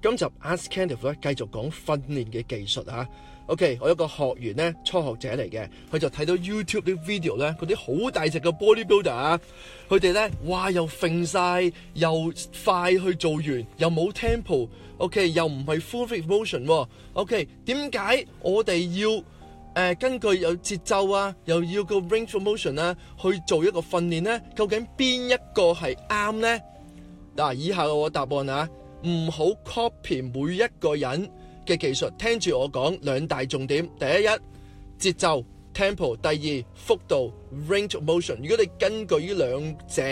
今集 Ask c a n d o 咧，繼續講訓練嘅技術嚇、啊。OK，我有個學員咧，初學者嚟嘅，佢就睇到 YouTube 啲 video 咧，嗰啲好大隻嘅 Bodybuilder，佢、啊、哋咧，哇，又揈晒，又快去做完，又冇 tempo，OK，、okay, 又唔係 full range motion，OK，、啊 okay, 點解我哋要誒、呃、根據有節奏啊，又要個 range motion 啊，去做一個訓練咧？究竟邊一個係啱咧？嗱、啊，以下我答案啊。唔好 copy 每一個人嘅技術，聽住我講兩大重點：第一一節奏 （tempo），第二幅度 （range of motion）。如果你根據呢兩者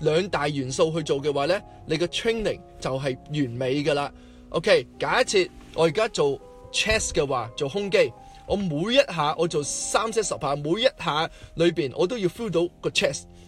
兩大元素去做嘅話呢，你個 training 就係完美噶啦。OK，假設我而家做 chest 嘅話，做胸肌，我每一下我做三 set 十下，每一下裏邊我都要 feel 到個 chest。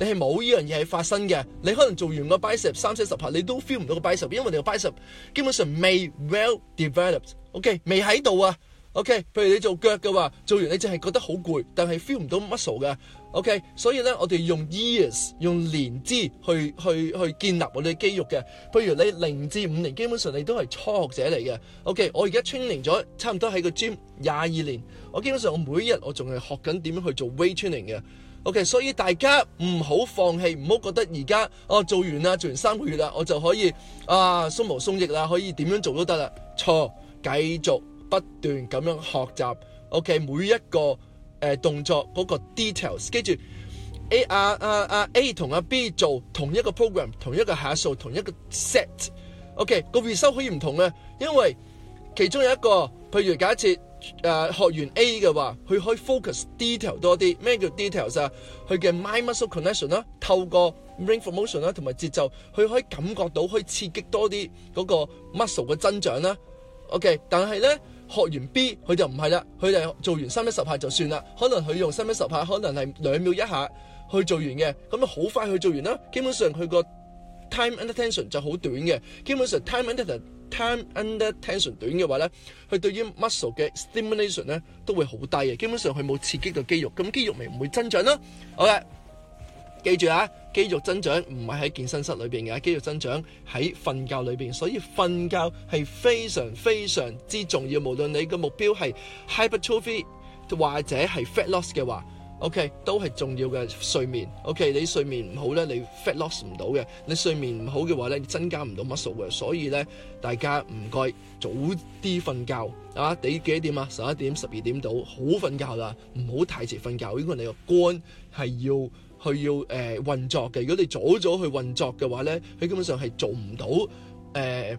你係冇呢樣嘢係發生嘅，你可能做完個 bicep 三四十下，你都 feel 唔到個 bicep，因為你個 bicep 基本上未 well developed，OK，OK 未喺度啊，OK。譬如你做腳嘅話，做完你淨係覺得好攰，但係 feel 唔到 muscle 嘅，OK。所以咧，我哋用 years，用年資去去去去建立我哋肌肉嘅。譬如你零至五年，基本上你都係初學者嚟嘅，OK。我而家 training 咗差唔多喺個 gym 廿二年，我基本上我每一日我仲係學緊點樣去做 weight training 嘅。OK，所以大家唔好放棄，唔好覺得而家哦做完啦，做完三個月啦，我就可以啊鬆毛鬆翼啦，可以點樣做都得啦。錯，繼續不斷咁樣學習。OK，每一個誒、呃、動作嗰個 details，記住 A 阿阿阿 A 同阿 B 做同一個 program，同一個下數，同一個 set。OK，個回收可以唔同嘅，因為其中有一個，譬如假設。誒、uh, 學完 A 嘅話，佢可以 focus detail 多啲。咩叫 details 啊？佢嘅 mind muscle connection 啦、啊，透過 range of motion 啦、啊，同埋節奏，佢可以感覺到，可以刺激多啲嗰、那個 muscle 嘅增長啦、啊。OK，但係咧學完 B 佢就唔係啦，佢就做完三一十拍就算啦。可能佢用三一十拍，可能係兩秒一下去做完嘅，咁好快去做完啦。基本上佢個 time under tension 就好短嘅，基本上 time under tens Time under tension 短嘅話咧，佢對於 muscle 嘅 stimulation 咧都會好低嘅，基本上佢冇刺激到肌肉，咁肌肉咪唔會增長囉。好喇，記住啊，肌肉增長唔係喺健身室裏邊嘅，肌肉增長喺瞓覺裏邊，所以瞓覺係非常非常之重要。無論你嘅目標係 hypertrophy 或者係 fat loss 嘅話。OK，都係重要嘅睡眠。OK，你睡眠唔好咧，你 fat loss 唔到嘅。你睡眠唔好嘅話咧，增加唔到 muscle 嘅。所以咧，大家唔該早啲瞓覺啊！你幾點啊？十一點、十二點到好瞓覺啦。唔好太遲瞓覺，因為你個肝係要去要誒運作嘅。如果你早早去運作嘅話咧，佢根本上係做唔到誒。